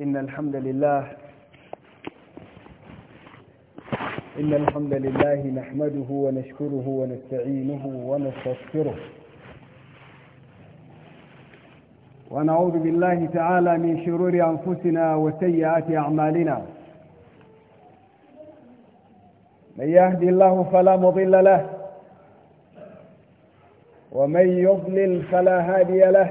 إن الحمد لله إن الحمد لله نحمده ونشكره ونستعينه ونستغفره ونعوذ بالله تعالى من شرور أنفسنا وسيئات أعمالنا من يهدي الله فلا مضل له ومن يضلل فلا هادي له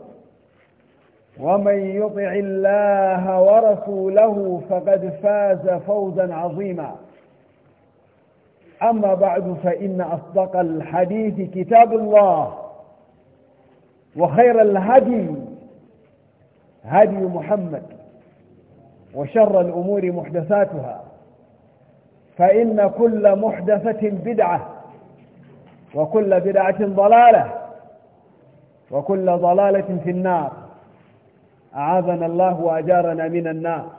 ومن يطع الله ورسوله فقد فاز فوزا عظيما أما بعد فإن أصدق الحديث كتاب الله وخير الهدي هدي محمد وشر الأمور محدثاتها فإن كل محدثة بدعة وكل بدعة ضلالة وكل ضلالة في النار أعاذنا الله وأجارنا من النار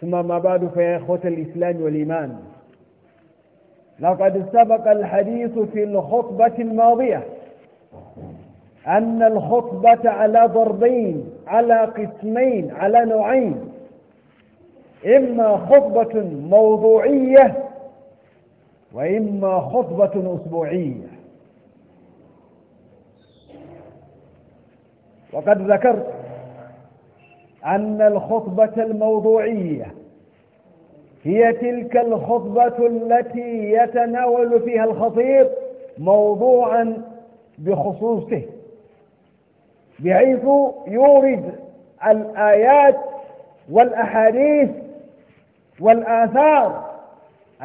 ثم ما بعد فيا إخوة الإسلام والإيمان لقد سبق الحديث في الخطبة الماضية أن الخطبة على ضربين على قسمين على نوعين إما خطبة موضوعية وإما خطبة أسبوعية وقد ذكرت أن الخطبة الموضوعية هي تلك الخطبة التي يتناول فيها الخطيب موضوعا بخصوصه بحيث يورد الآيات والأحاديث والآثار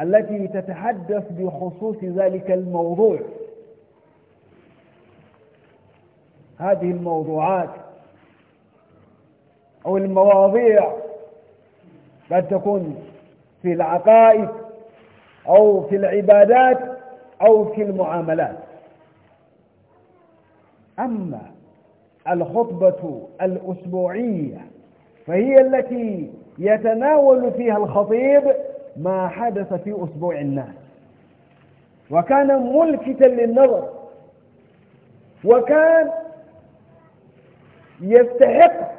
التي تتحدث بخصوص ذلك الموضوع هذه الموضوعات أو المواضيع قد تكون في العقائد أو في العبادات أو في المعاملات أما الخطبة الأسبوعية فهي التي يتناول فيها الخطيب ما حدث في أسبوع الناس وكان ملفتا للنظر وكان يستحق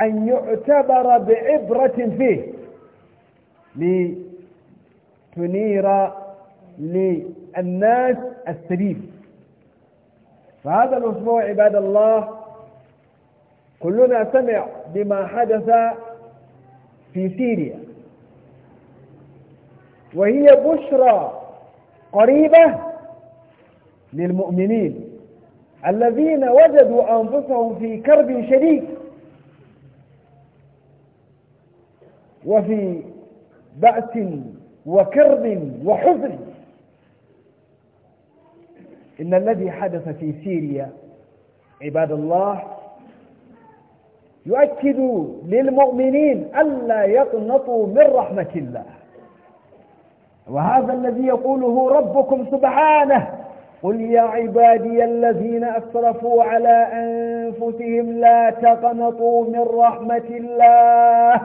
أن يعتبر بعبرة فيه لتنير للناس السبيل فهذا الأسبوع عباد الله كلنا سمع بما حدث في سيريا وهي بشرى قريبة للمؤمنين الذين وجدوا أنفسهم في كرب شديد وفي بأس وكرب وحزن إن الذي حدث في سيريا عباد الله يؤكد للمؤمنين ألا يقنطوا من رحمة الله وهذا الذي يقوله ربكم سبحانه قل يا عبادي الذين أسرفوا على أنفسهم لا تقنطوا من رحمة الله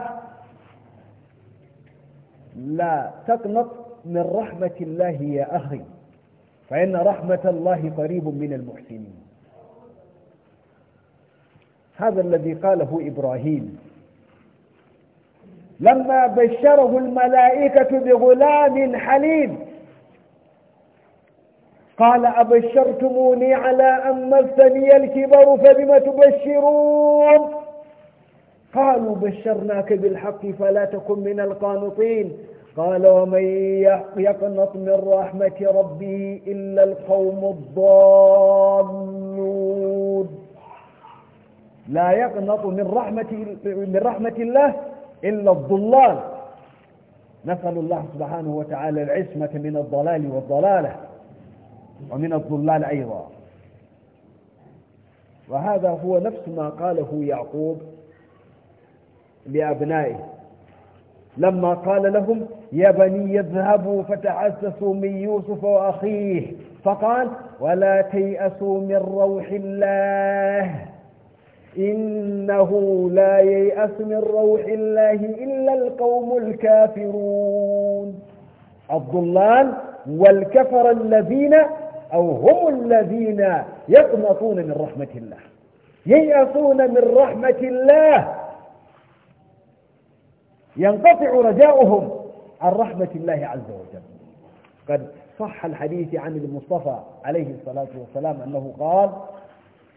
لا تقنط من رحمة الله يا أخي فإن رحمة الله قريب من المحسنين هذا الذي قاله إبراهيم لما بشره الملائكة بغلام حليم قال أبشرتموني على أن مسني الكبر فبم تبشرون قالوا بشرناك بالحق فلا تكن من القانطين قال ومن يقنط من رحمة ربه إلا القوم الضالون لا يقنط من رحمة, من رحمة الله إلا الضلال نسأل الله سبحانه وتعالى العصمة من الضلال والضلالة ومن الضلال أيضا وهذا هو نفس ما قاله يعقوب لأبنائه لما قال لهم يا بني اذهبوا فتعسسوا من يوسف وأخيه فقال ولا تيأسوا من روح الله إنه لا ييأس من روح الله إلا القوم الكافرون الضلال والكفر الذين أو هم الذين يقنطون من رحمة الله ييأسون من رحمة الله ينقطع رجاؤهم عن رحمة الله عز وجل قد صح الحديث عن المصطفى عليه الصلاة والسلام أنه قال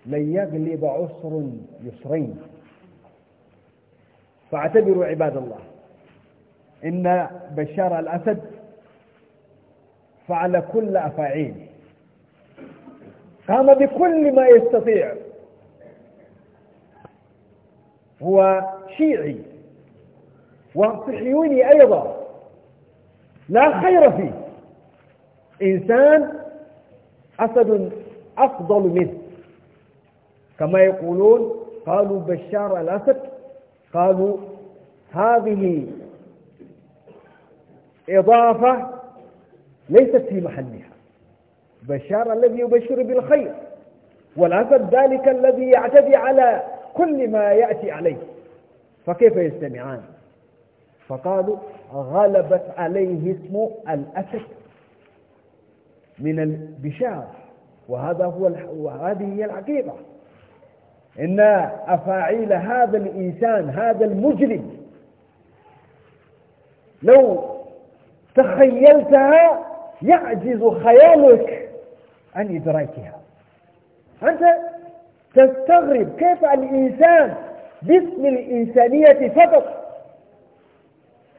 لن يغلب عسر يسرين فاعتبروا عباد الله إن بشار الأسد فعل كل أفاعيله قام بكل ما يستطيع هو شيعي وصحيوني أيضا لا خير فيه إنسان أسد أفضل منه كما يقولون قالوا بشار الأسد قالوا هذه إضافة ليست في محلها بشار الذي يبشر بالخير والأسد ذلك الذي يعتدي على كل ما يأتي عليه فكيف يستمعان فقالوا غلبت عليه اسم الأسد من البشار وهذا هو وهذه هي العقيدة إن أفاعيل هذا الإنسان هذا المجرم لو تخيلتها يعجز خيالك عن إدراكها أنت تستغرب كيف الإنسان باسم الإنسانية فقط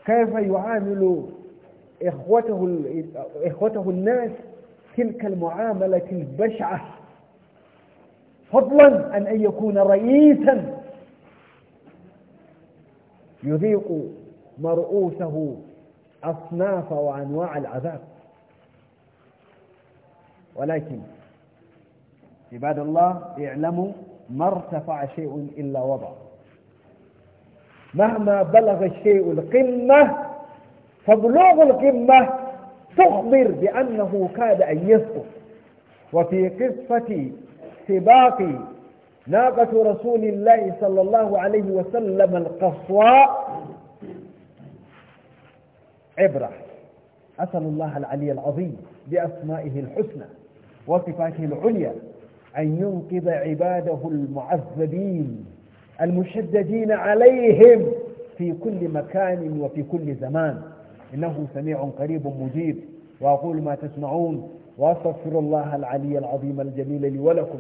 كيف يعامل إخوته, إخوته الناس تلك المعاملة البشعة فضلا عن أن يكون رئيسا يذيق مرؤوسه أصناف وأنواع العذاب ولكن عباد الله اعلموا ما ارتفع شيء إلا وضع مهما بلغ الشيء القمة فبلوغ القمة تخبر بأنه كاد أن يسقط وفي قصة سباق ناقة رسول الله صلى الله عليه وسلم القصواء عبرة أسأل الله العلي العظيم بأسمائه الحسنى وصفاته العليا أن ينقذ عباده المعذبين المشددين عليهم في كل مكان وفي كل زمان إنه سميع قريب مجيب وأقول ما تسمعون وأستغفر الله العلي العظيم الجليل لي ولكم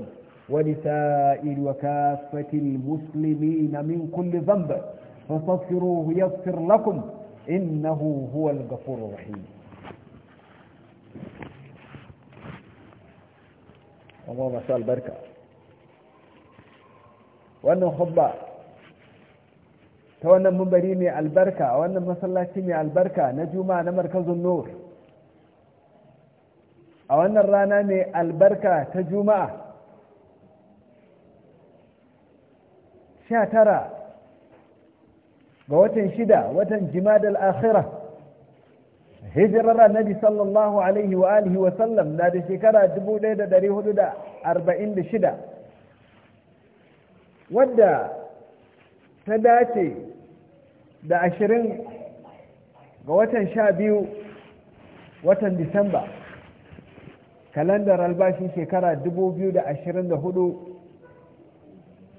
ولسائر وكافة المسلمين من كل ذنب فاستغفروه يغفر لكم إنه هو الغفور الرحيم kuma masu albarka wannan hubba ta wannan mumbari mai albarka wannan masallaci mai albarka na juma na markazin nur a wannan rana mai albarka ta juma'a sha tara ga watan shida watan jimadal akhirah hijirar annabi sallallahu alaihi wa alihi wa sallam na da shekara 1446 wadda ta dace da ashirin ga watan sha biyu watan disamba kalandar albashin shekara 2024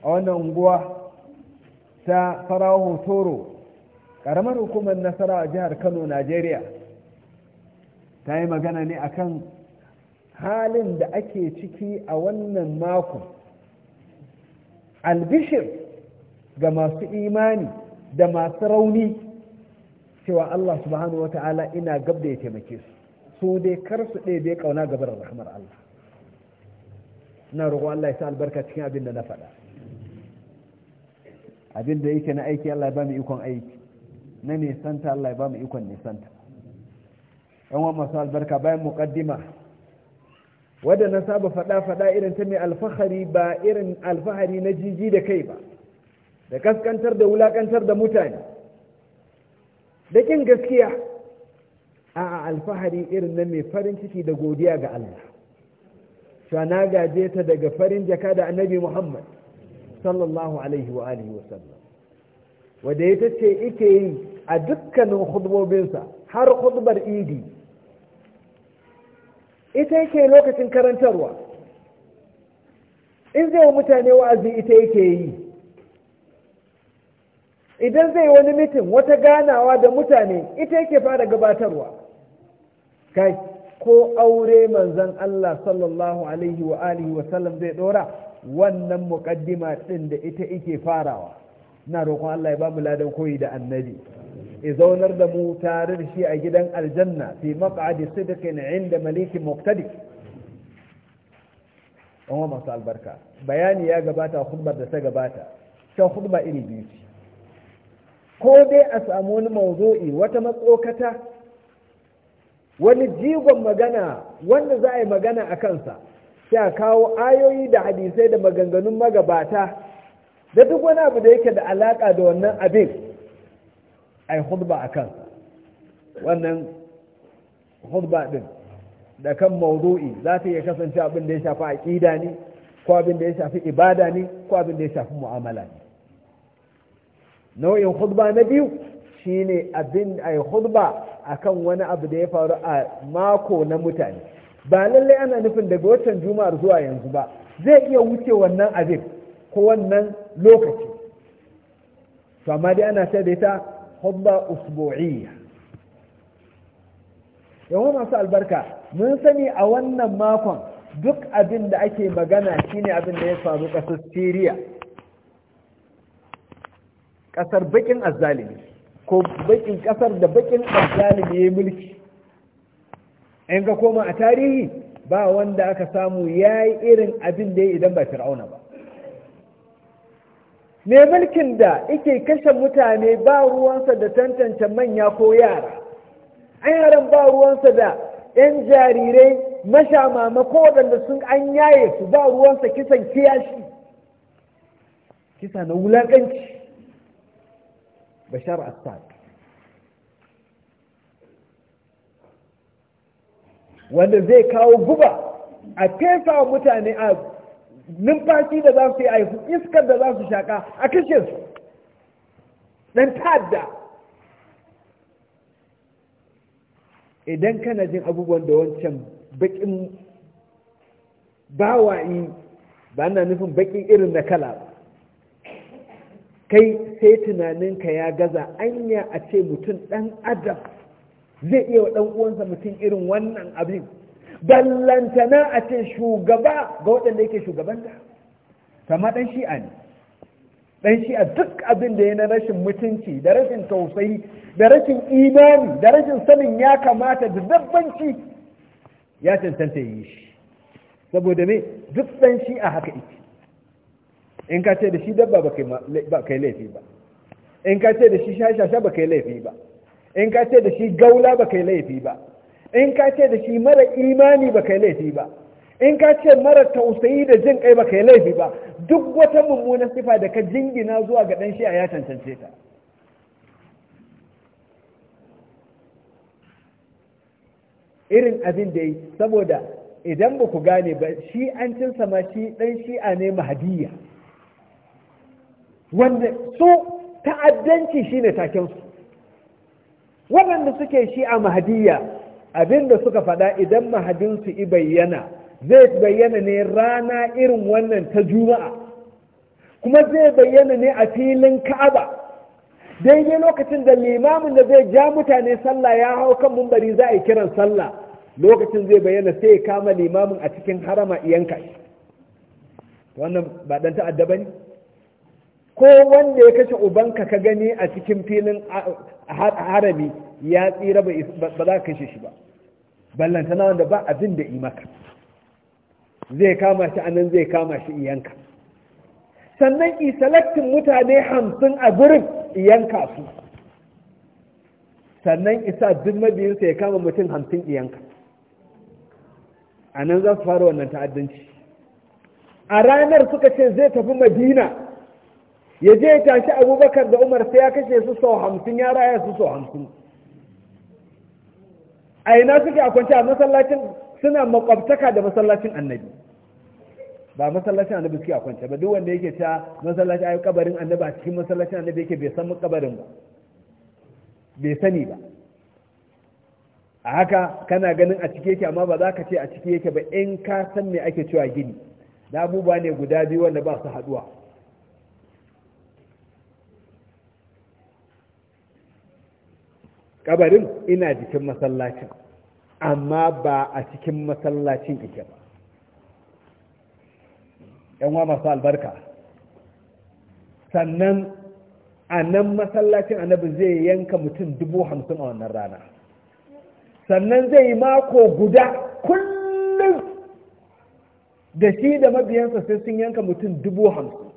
a wannan unguwa ta farawo toro ƙaramar hukumar nasara a jihar kano najeriya ta yi magana ne akan halin da ake ciki a wannan mako albishir ga masu imani da masu rauni cewa Allah subhanahu wata'ala ina gab da ya taimake su su dai kar su ɗaya bai kauna gabar rahmar Allah ina roƙo Allah ya sa albarka cikin abin da na faɗa abin da yake na aiki Allah ya ba mu ikon aiki na nisanta Allah ya ba mu ikon nisanta yan masu albarka bayan muƙaddima wadda na saba faɗa-faɗa irin ta mai alfahari ba irin alfahari na jiji da kai ba da kaskantar da wulakantar da mutane da ƙin gaskiya a alfahari irin na mai farin ciki da godiya ga Allah shi na gaje ta daga farin jaka da annabi Muhammad sallallahu alaihi wa alihi wa sallam wadda ya ce ike yi a dukkanin hudubobinsa har hudubar idi ita yake lokacin karantarwa in zai wa mutane wa'azi ita yake yi idan zai wani mitin wata ganawa da mutane ita yake fara gabatarwa kai ko aure manzan Allah sallallahu alaihi wa alihi wa sallam zai dora wannan muqaddima din da ita yake farawa na roƙon Allah ya ba mu ladan koyi da annabi ya zaunar da mu tare da shi a gidan aljanna fi maq'adi sidqin inda malikin muqtadi an masu albarka bayani ya gabata khutbar da ta gabata ta khutba iri biyu ce ko dai a samu wani mawzu'i wata matsokata wani jigon magana wanda za a yi magana a kansa sai a kawo ayoyi da hadisai da maganganun magabata da duk wani abu da yake da alaka da wannan abin a yi hudba a kan wannan hudba ɗin da kan maudu'i za ta iya kasance abin da ya shafi aƙida ne ko abin da ya shafi ibada ne ko abin da ya shafi mu'amala ne nau'in hudba na biyu shine abin a yi hudba a kan wani abu da ya faru a mako na mutane ba lallai ana nufin daga wancan juma'ar zuwa yanzu ba zai iya wuce wannan abin ko wannan lokaci to amma dai ana sai da ita khutba usbu'iyya yawa masu albarka mun sani a wannan makon duk abin da ake magana shine abin da ya faru kasar syria ƙasar bakin azzalimi ko bakin ƙasar da bakin azzalimi ya mulki in ga koma a tarihi ba wanda aka samu yayi irin abin da ya idan ba fir'auna ba ne mulkin da yake kashe mutane ba ruwansa da tantance manya ko yara an yaran ba ruwansa da 'yan jarirai mashamama ko waɗanda sun an yaye su ba ruwansa kisan kiyashi kisa na wulaƙanci bashar assad wanda zai kawo guba a fesa mutane a numfashi da za su yi a iskar da za su shaƙa a kishin su ɗan ta'adda idan kana jin abubuwan da wancan baƙin bawa'i ba na nufin baƙin irin na kala ba kai sai tunaninka ya gaza anya a ce mutum ɗan adam zai iya wa ɗan uwansa mutum irin wannan abin Dallantana a ce shugaba ga waɗanda yake shugabanta kama ɗan shi'a ne ɗan shi'a duk abin da ya na rashin mutunci da rashin tausayi da rashin imani da rashin sanin ya kamata da dabbanci ya cancanta yi shi saboda me duk ɗan shi'a haka ike in ka ce da shi dabba ba kai laifi ba in ka ce da shi shashasha ba kai laifi ba in ka ce da shi gaula ba kai laifi ba in ka ce da shi mara imani ba kai laifi ba in ka ce mara tausayi da jin kai ba kai laifi ba duk wata mummunan sifa da ka jingina zuwa ga dan shi ya cancance ta irin abin da yi saboda idan ba ku gane ba shi an cin sama shi dan shi'a ne mahadiyya wanda su ta'addanci shine takensu waɗanda suke shi'a mahadiyya Abin da suka faɗa idan mahadinsu i bayyana zai bayyana ne rana irin wannan ta juma'a kuma zai bayyana ne a filin ka'aba daidai lokacin da limamin da zai ja mutane sallah ya hau kan mumbari za a yi kiran sallah lokacin zai bayyana sai ya kama limamin a cikin harama iyanka? wannan ba ɗan ta'adda ba ne? ko wanda ya kashe ubanka ka gani a cikin filin harami ya tsira ba za ka kashe shi ba na wanda ba abin da maka zai kama shi anan zai kama shi iyanka sannan isalaktin mutane hamsin a gurin iyanka su sannan isa duk mabiyinsa ya kama mutum hamsin iyanka a nan za su fara wannan ta'addanci a ranar suka ce zai tafi madina ya je ya tashi abubakar da umar sai ya kashe su sau hamsin ya raya su sau hamsin a ina suke a a masallacin suna makwabtaka da masallacin annabi ba masallacin annabi suke akwance ba duk wanda yake ta masallacin ayi kabarin annabi a cikin masallacin annabi yake bai san kabarin ba bai sani ba a haka kana ganin a ciki yake amma ba za ka ce a ciki yake ba in ka san me ake cewa gini da abubuwa ne guda biyu wanda ba su haduwa kabarin ina jikin masallacin amma ba a cikin masallacin ike ba yan wa masu albarka sannan a nan masallacin annabi zai yanka mutum dubu hamsin a wannan rana sannan zai yi mako guda kullum da shi da mabiyansa sai sun yanka mutum dubu hamsin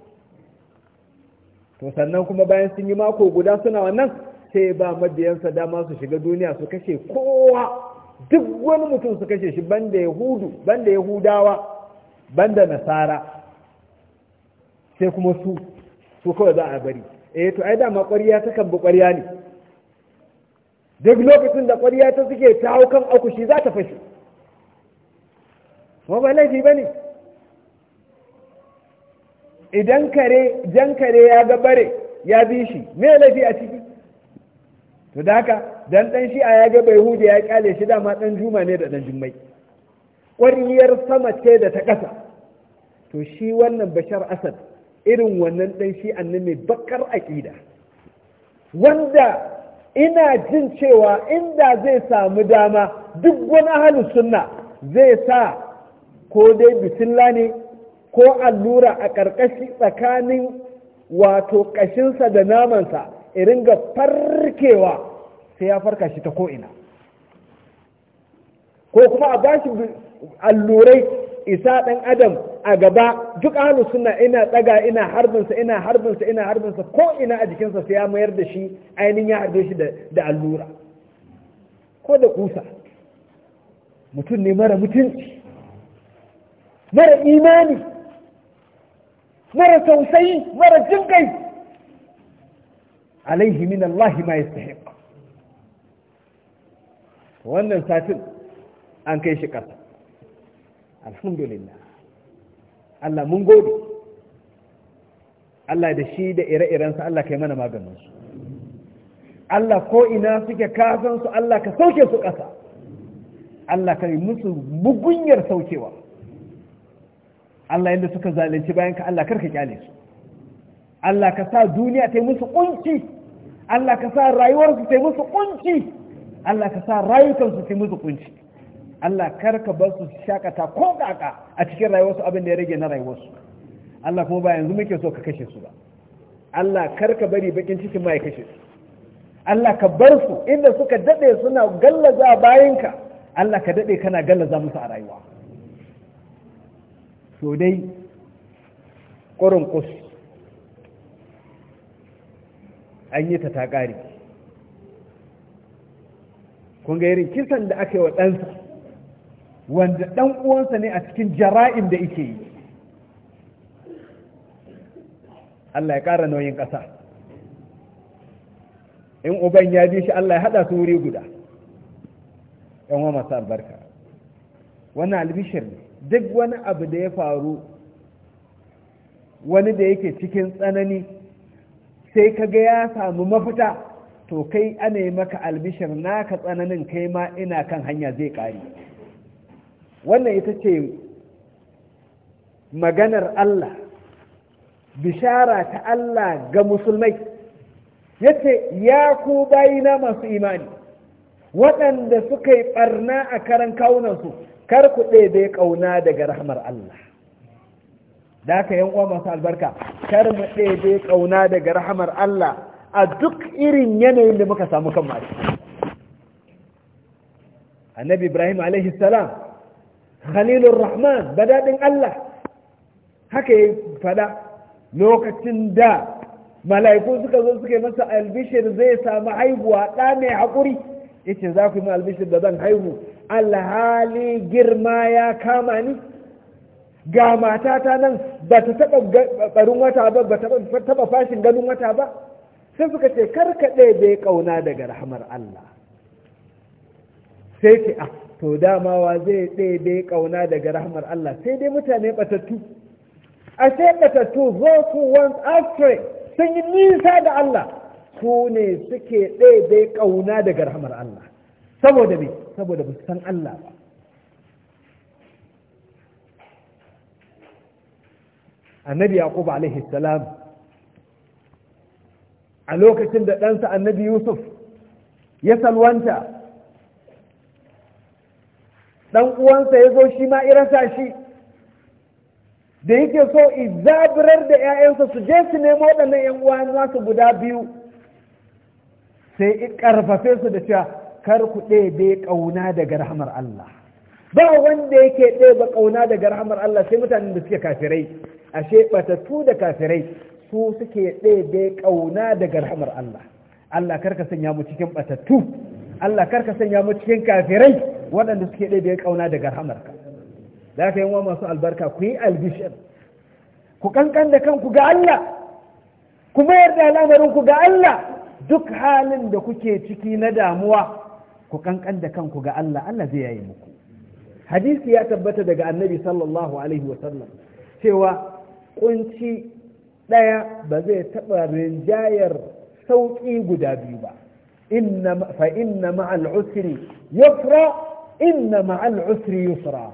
to sannan kuma bayan sun yi mako guda suna wannan sai ba mabiyansa dama su shiga duniya su kashe kowa duk wani mutum su kashe shi banda yahudu banda yahudawa banda nasara sai kuma su su kawai za a bari eh to ai dama ƙwarya ta kan bi ƙwarya ne duk lokacin da ƙwarya ta suke ta hau kan akushi za ta fashe kuma ba laifi ba ne idan kare jan kare ya ga bare ya bi shi me laifi a ciki to da haka dan dan shi'a ya ga bai hude ya kyale shi dama dan juma ne da dan jummai ƙwariyar sama ce da ta ƙasa to shi wannan bashar asad irin wannan dan shi'an ne mai bakar aƙida wanda ina jin cewa inda zai samu dama duk wani ahalin sunna zai sa ko dai bisilla ne ko allura a ƙarƙashi tsakanin wato ƙashinsa da namansa Irin ga farkewa sai ya farka shi ta ko'ina ko kuma a bashi allurai isa ɗan adam a gaba duk hannu suna ina tsaga ina harbinsa ina harbinsa ina harbinsa ko'ina a jikinsa sai ya mayar da shi ainihin ya harbe shi da allura ko da kusa mutum ne mara mutunci mara imani mara sausayi mara jinkai alaihi min Allah ma yastahiq wannan satin an kai shi ƙasa alhamdulillah Allah mun gode Allah da shi da ire-irensa Allah kai mana maganinsu Allah ko ina suke kasansu Allah ka sauke su ƙasa Allah ka yi musu bugunyar saukewa Allah yadda suka zalunci bayan ka Allah karka kyale su Allah ka sa duniya ta yi musu ƙunci. Allah ka sa rayuwarsu ta musu kunci Allah ka sa rayukansu ta musu kunci Allah kar ka bar su shakata ko kaka a cikin rayuwarsu abin da ya rage na rayuwarsu Allah kuma ba yanzu muke so ka kashe su ba Allah kar ka bari bakin cikin ma ya kashe su Allah ka bar su inda suka dade suna gallaza bayanka Allah ka dade kana gallaza musu a rayuwa so dai an yi ta ta ƙari kun ga irin kisan da aka yi wa ɗansa wanda ɗan uwansa ne a cikin jara'in da ike yi Allah ya ƙara nauyin ƙasa in uban ya bi shi Allah ya haɗa su wuri guda ‘yan wa masu albarka wani albishir ne duk wani abu da ya faru wani da yake cikin tsanani sai ka ga ya samu mafita to kai ana yi maka albishir naka tsananin kai ma ina kan hanya zai ƙari wannan ita ce maganar Allah bishara ta Allah ga musulmai Ya ce ya ku bayina masu imani waɗanda suka yi ɓarna a karan kawunansu kar ku ɗaya ƙauna daga rahmar Allah da ka yan uwa masu albarka kar mu ɗebe ƙauna daga rahamar Allah a duk irin yanayin da muka samu kan mace annabi ibrahim alaihi salam khalilur rahman badadin Allah haka yi fada lokacin da mala'iku suka zo suka yi masa albishir zai samu haihuwa ɗa mai haƙuri yace za ku yi albishir da zan haihu alhali girma ya kama ni ga matata nan ba ta taɓa ɓarin wata ba ba ta taɓa fashin ganin wata ba sai suka ce karkaɗe bai ƙauna daga rahamar Allah sai ce a ah, to dama wa zai ɗaya bai ƙauna daga rahamar Allah sai dai mutane ɓatattu a sai ɓatattu those who want astray sun yi nisa da Allah su ne suke ɗaya bai ƙauna daga rahamar Allah saboda me saboda ba san Allah ba annabi yaqub alaihi salam a lokacin da ɗansa annabi yusuf ya salwanta ɗan uwansa ya zo shi ma irasa shi da yake so izabirar da 'ya'yansa su je su nemo waɗannan 'yan uwa nasu guda biyu sai ƙarfafe su da cewa kar ku ɗebe ƙauna daga rahamar Allah ba wanda yake ɗeba ƙauna daga rahamar Allah sai mutanen da suke kafirai ashe batattu da kafirai su suke ɗebe ƙauna daga rahamar Allah Allah karka sanya mu cikin batattu Allah karka sanya mu cikin kafirai waɗanda suke ɗebe ƙauna daga ka, da ka yi wa masu albarka ku yi albishir ku kankan da kanku ga Allah ku mayar da al'amarin ku ga Allah duk halin da kuke ciki na damuwa ku kankan da kanku ga Allah Allah zai yayi muku hadisi ya tabbata daga annabi sallallahu alaihi wasallam cewa kunci ɗaya ba zai taɓa rinjayar sauƙi guda biyu ba fa inna ma'al usri yusra inna ma'al usri yusra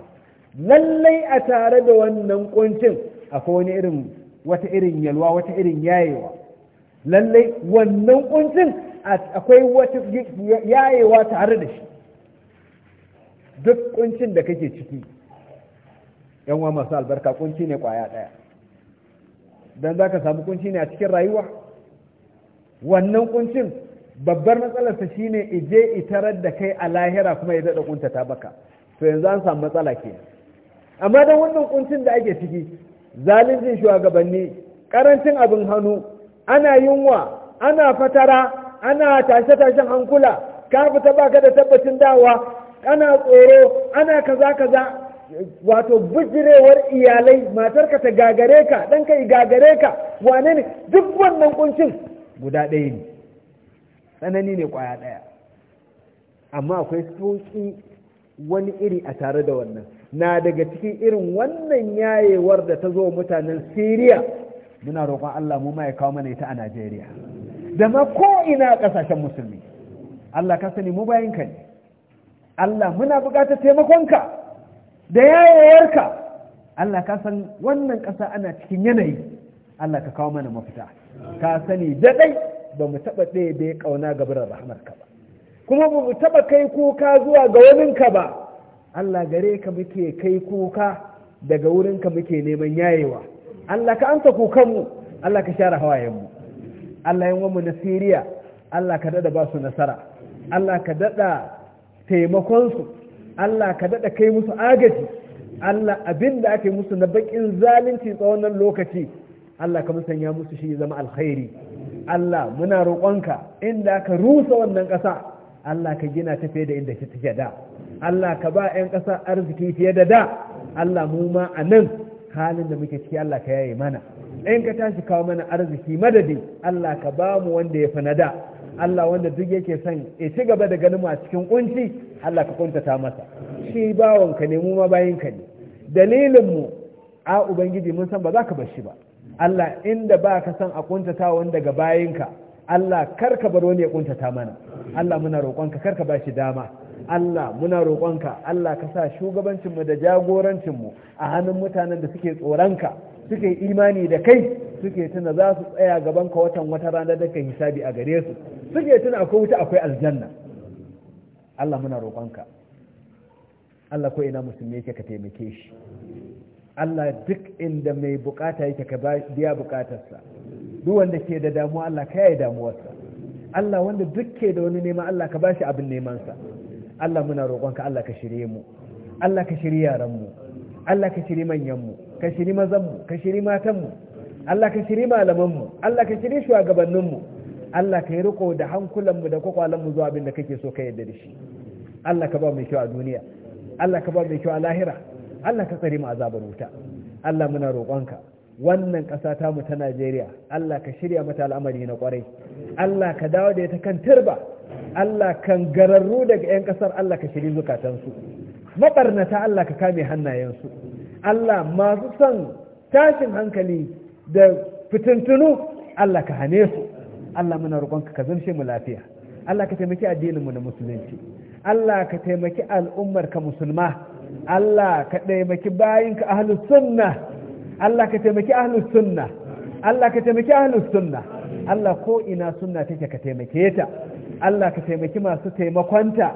lallai a tare da wannan kuncin akwai wani irin wata irin yalwa wata irin yayewa lallai wannan kuncin akwai wata yayewa tare da shi duk kuncin da kake ciki wa masu albarka kunci ne kwaya ɗaya don za ka samu kunci ne a cikin rayuwa wannan kuncin babbar matsalar matsalarsa shine ije itarar da kai a lahira kuma ya daɗa ta baka to yanzu an samu matsala ke amma don wannan kuncin da ake ciki zaluncin shugabanni karancin abin hannu ana yunwa ana fatara ana tashe-tashen hankula ka fita baka da tabbacin dawa ana tsoro ana kaza kaza wato bijirewar iyalai matarka ta gagare ka ɗanka yi gagare ka wane ne duk wannan kuncin guda ɗaya ne tsanani ne kwaya ɗaya amma akwai sauƙi wani iri a tare da wannan na daga cikin irin wannan yayewar da ta zo mutanen siriya muna roƙon allah mu ma ya kawo mana ita a najeriya da ma ko ina ƙasashen musulmi allah ka sani mu bayan ka ne Allah muna buƙatar taimakonka da yayayarka Allah ka san wannan ƙasa ana cikin yanayi Allah ka kawo mana mafita ka sani daɗai ba mu taɓa ɗaya da ya ƙauna rahmar rahamarka ba kuma ba mu taɓa kai kuka zuwa ga waninka ba Allah gare ka muke kai kuka daga wurin ka muke neman yayewa Allah ka amsa kukanmu Allah ka share hawayenmu Allah yin mu na Siriya Allah ka dada ba su nasara Allah ka dada taimakonsu Allah ka daɗa kai musu agaji Allah abin da ake musu na baƙin zalunci tsawon nan lokaci Allah ka musanya musu shi zama alkhairi Allah muna roƙonka inda ka rusa wannan ƙasa Allah ka gina ta fiye da inda take da Allah ka ba 'yan ƙasa arziki fiye da da Allah mu ma a nan halin da muke ciki Allah ka yaye mana in ka tashi kawo mana arziki madadi Allah ka ba mu wanda ya fi na da Allah wanda duk yake son ya ci gaba da ganin a cikin kunci Allah ka kuntata masa shi bawanka ne mu ma bayin ka ne dalilin mu a ubangiji mun san ba za ka bar shi ba Allah inda ba ka san a kuntata wanda daga ka, Allah kar ka bar wani ya kuntata mana Allah muna roƙonka kar ka ba shi dama Allah muna roƙonka Allah ka sa shugabancinmu da jagorancinmu a hannun mutanen da suke tsoronka suke imani da kai suke tuna za su tsaya gaban ka watan wata ranar da kai hisabi a gare su suke tuna akwai wuta akwai aljanna Allah muna roƙonka Allah ko ina musulmi yake ka taimake shi Allah duk inda mai bukata yake ka biya bukatarsa duk wanda ke da damuwa Allah ka yaye damuwarsa Allah wanda duk ke da wani nema Allah ka bashi abin nemansa Allah muna roƙonka Allah ka shirye mu Allah ka shirye yaran mu Allah ka shirye manyan mu ka shirye mazan mu ka shirye matan mu Allah ka shirye malaman mu Allah ka shirye shugabannin mu Allah ka yi riko da hankulanmu da kwakwalan mu zuwa abin da kake so ka yarda da shi Allah ka ba mu kyau a duniya Allah ka ba mu kyau a lahira Allah ka tsare mu azabar wuta Allah muna roƙonka wannan ƙasa mu ta Najeriya Allah ka shirya mata al'amari na ƙwarai Allah ka dawo da ita kan turba Allah kan gararru daga 'yan ƙasar Allah ka shiri zukatansu maɓarnata Allah ka kame hannayensu Allah masu son tashin hankali da fitintunu Allah ka hane su Allah muna roƙonka ka zamshe mu lafiya Allah ka taimaki addininmu na musulunci Allah ka taimaki al'ummar ka musulma Allah ka taimaki bayinka ahlus sunna Allah ka taimaki ahlus sunna Allah ka taimaki ahlus sunna Allah ko ina sunna take ka taimake ta Allah ka taimaki masu taimakonta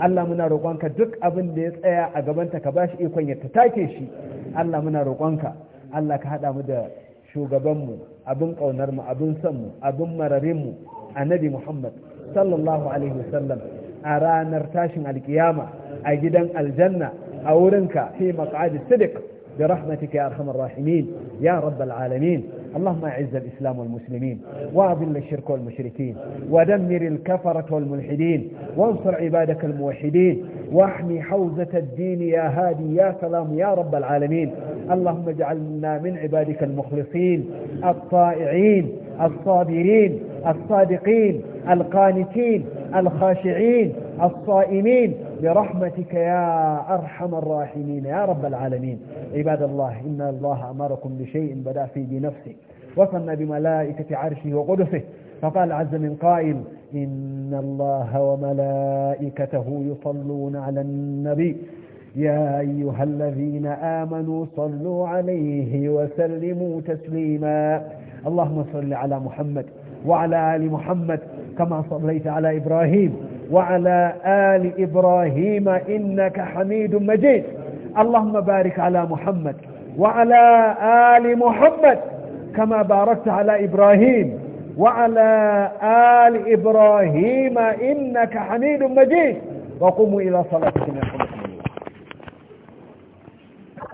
Allah muna roƙonka duk abin da ya tsaya a gabanta ka bashi ikon ya ta take shi Allah muna roƙonka Allah ka haɗa mu da shugabanmu abin ƙaunarmu abin mu abin mararinmu annabi Muhammad sallallahu alaihi wasallam a ranar tashin alkiyama a gidan aljanna a wurinka fi maq'adi sidiq bi rahmatika ya arhamar rahimin ya rabbal alamin اللهم اعز الإسلام والمسلمين واذل الشرك والمشركين ودمر الكفرة والملحدين وانصر عبادك الموحدين واحمي حوزة الدين يا هادي يا سلام يا رب العالمين اللهم اجعلنا من عبادك المخلصين الطائعين الصابرين الصادقين القانتين الخاشعين الصائمين برحمتك يا أرحم الراحمين يا رب العالمين عباد الله إن الله أمركم بشيء بدأ في بنفسه وصلنا بملائكة عرشه وقدسه فقال عز من قائل إن الله وملائكته يصلون على النبي يا أيها الذين آمنوا صلوا عليه وسلموا تسليما اللهم صل على محمد وعلى آل محمد كما صليت على إبراهيم وعلى آل إبراهيم إنك حميد مجيد اللهم بارك على محمد وعلى آل محمد كما باركت على إبراهيم وعلى آل إبراهيم إنك حميد مجيد وقوموا إلى صلاتكم يا